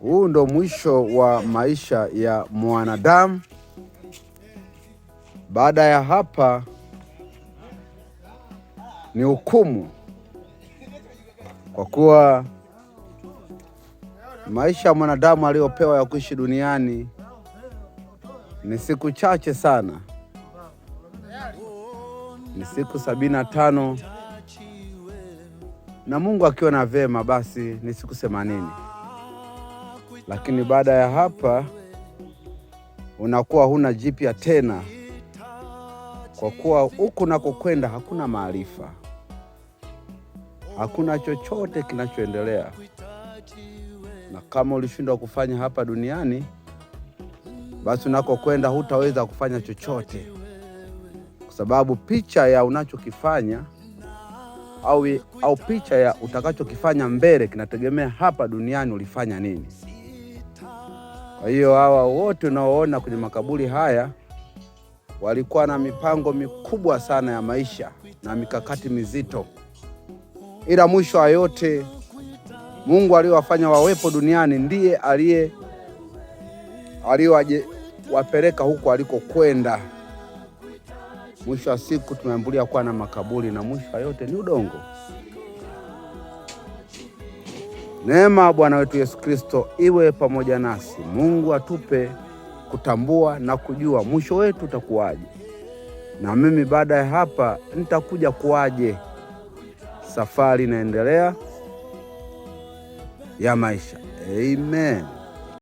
Huu ndo mwisho wa maisha ya mwanadamu. Baada ya hapa ni hukumu, kwa kuwa maisha ya mwanadamu aliyopewa ya kuishi duniani ni siku chache sana, ni siku sabini na tano na Mungu akiona vema, basi ni siku themanini. Lakini baada ya hapa unakuwa huna jipya tena, kwa kuwa huko nakokwenda hakuna maarifa, hakuna chochote kinachoendelea. Na kama ulishindwa kufanya hapa duniani, basi unakokwenda hutaweza kufanya chochote, kwa sababu picha ya unachokifanya au, au picha ya utakachokifanya mbele kinategemea hapa duniani ulifanya nini. Kwa hiyo hawa wote unaoona kwenye makaburi haya walikuwa na mipango mikubwa sana ya maisha na mikakati mizito, ila mwisho wa yote Mungu aliyowafanya wawepo duniani ndiye aliye aliyowapeleka huko alikokwenda. Mwisho wa siku tumeambulia kuwa na makaburi na mwisho wa yote ni udongo. Neema ya Bwana wetu Yesu Kristo iwe pamoja nasi. Mungu atupe kutambua na kujua mwisho wetu utakuwaje, na mimi baada ya hapa nitakuja kuwaje. Safari inaendelea ya maisha. Amen.